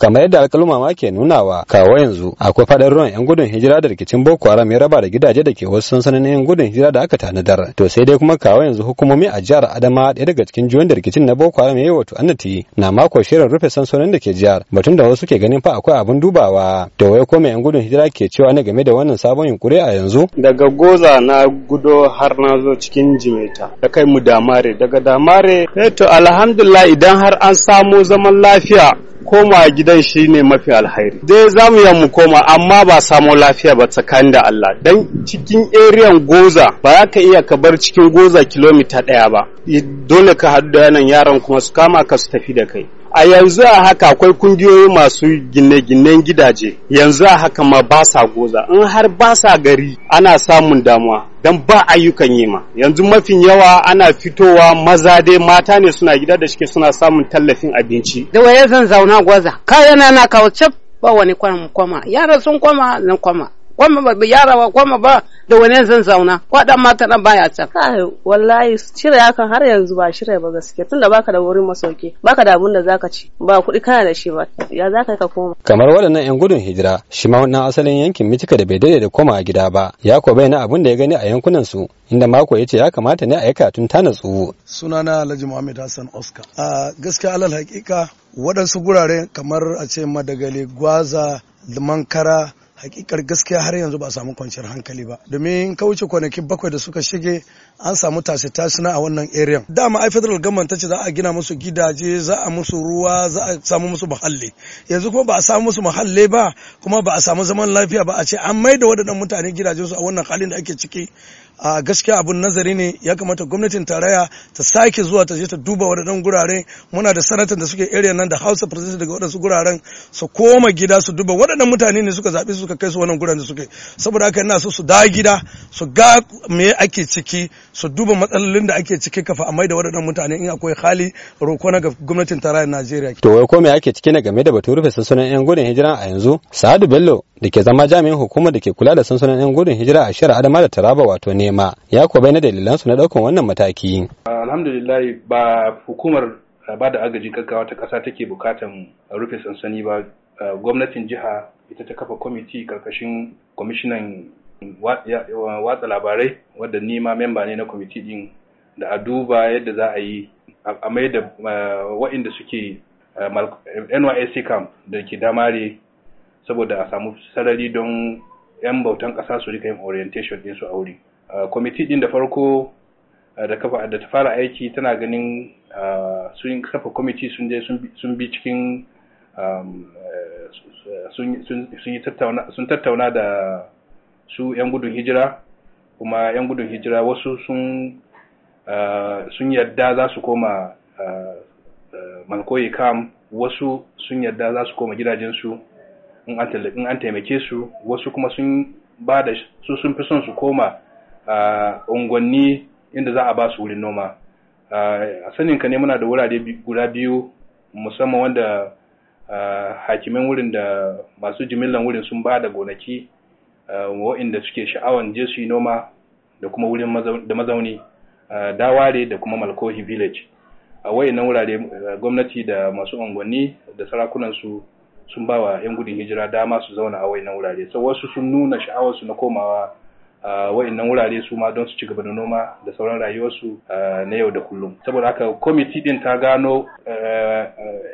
kamar yadda alkaluma ma ke nunawa kawo yanzu akwai fadar ruwan yan gudun hijira da rikicin boko haram ya raba da gidaje da ke wasu sansanin yan gudun hijira da aka tanadar to sai dai kuma kawo yanzu hukumomi a jihar adama ɗaya daga cikin juyan da rikicin na boko haram ya yi wato annati na mako shirin rufe sansanin da ke jihar batun da wasu ke ganin fa akwai abin dubawa da wai ko mai yan gudun hijira ke cewa ne game da wannan sabon yunkuri a yanzu daga goza na gudo har na zo cikin jimeta da kai mu damare daga damare eh to alhamdulillah idan har an samo zaman lafiya koma gidan shi ne mafi alhairi dai za mu yi mu koma amma ba samo lafiya ba tsakanin da Allah dan cikin eriyan goza ba za ka iya ka bar cikin goza kilomita ɗaya ba dole ka haɗu da yanan yaran kuma su kama ka su tafi da kai a yanzu a haka akwai kungiyoyi masu gine-ginen gidaje yanzu a haka ma ba sa goza in har ba sa gari ana samun damuwa don ba ayyukan yi ma yanzu mafin yawa ana fitowa maza dai mata ne suna gida da shike suna samun tallafin abinci da waye zan zauna goza? kayana na kawo ba wani kwama yara sun kwama na kwama kwamma ba yara ba kwamma ba da wani zan zauna ko dan mata nan baya can kai wallahi shirya hakan har yanzu ba shirya ba gaske tunda baka da wurin masauki baka da abun da zaka ci ba kuɗi kana da shi ba ya zaka ka koma kamar waɗannan yan gudun hijira shi ma wannan asalin yankin Mitika da bai daidai da koma gida ba ya ko bayyana abun da ya gani a yankunan su inda mako ya ce ya kamata ne a yi katun tana tsuwo sunana Alhaji Muhammad Hassan Oscar a gaskiya alal hakika waɗansu gurare kamar a ce madagali gwaza mankara hakikar gaskiya har yanzu ba samu kwanciyar hankali ba domin kauce kwanaki bakwai da suka shige an samu tashe na a wannan area dama ai federal government ce za a gina musu gidaje za a musu ruwa za a samu musu muhalli yanzu kuma ba a samu musu muhalli ba kuma ba a samu zaman lafiya ba a ce an maida waɗannan mutane gidajensu a wannan halin da ake ciki a gaskiya abun nazari ne ya kamata gwamnatin tarayya ta sake zuwa ta je ta duba waɗannan gurare muna da sanatan da suke area nan da Hausa president daga waɗansu guraren su koma gida su duba waɗannan mutane ne suka zaɓi suka kai su wannan guraren da suke saboda haka ina so su da gida su ga me ake ciki su duba matsalolin da ake ciki kafa a mai da waɗannan mutane in akwai hali roko na gwamnatin tarayyar Najeriya. To wai ko me ake ciki na game da batun rufe sunan 'yan gudun hijira a yanzu? Sa'adu Bello da ke zama jami'in hukumar da ke kula da sansanin 'yan gudun hijira a shirar adama da taraba wato nema ya kuwa na dalilansu na daukan wannan mataki. alhamdulillahi ba hukumar ba da agajin gaggawa ta kasa take bukatan rufe sansani ba gwamnatin jiha ita ta kafa kwamiti karkashin kwamishinan watsa labarai wadda nima memba ne na kwamiti din da a duba yadda za a yi a mai da wa'inda suke nysc camp da ke damare saboda a samu sarari don 'yan bautan ƙasa su rika yin orientation ɗinsu a wuri kwamiti ah, ɗin da farko ah, da ta fara aiki tana ganin ah, sun kafa kwamiti sun je sun bi cikin eh, sun tattauna da su 'yan gudun hijira kuma 'yan gudun hijira wasu sun yadda za su koma malkoyi kam wasu sun yadda za su koma gidajensu in an taimake su wasu kuma sun ba da su sun fi son su koma unguwanni inda za a ba su wurin noma a sanin ka ne muna da wurare guda biyu musamman wanda hakimin wurin da masu jimillan wurin sun ba da gonaki wa'inda suke sha'awan je su yi noma da kuma wurin da mazauni daware da kuma malkohi village a wayannan wurare gwamnati da masu unguwanni da sarakunansu sun ba wa 'yan gudun hijira dama su zauna a wayannan wurare sau wasu sun nuna sha'awarsu na komawa a wayannan wurare su ma don su ci gaba da noma da sauran rayuwarsu na yau da kullum saboda haka kwamiti din ta gano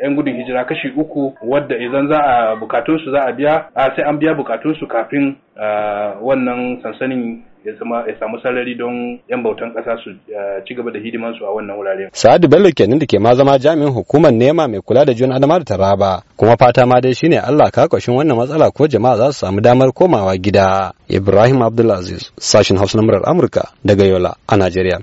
'yan gudun hijira kashi uku wadda idan za a bukatunsu za a biya sai an biya bukatunsu kafin wannan sansanin ya zama ya samu salari don yan bautan kasa su ci gaba da hidiman su a wannan wuraren. Sa'adu Bello kenan da ke ma zama jami'in hukumar nema mai kula da juna adama da taraba kuma fata ma dai shine Allah ka kwashin wannan matsala ko jama'a za su samu damar komawa gida. Ibrahim Abdulaziz sashin Hausa na Amurka daga Yola a Najeriya.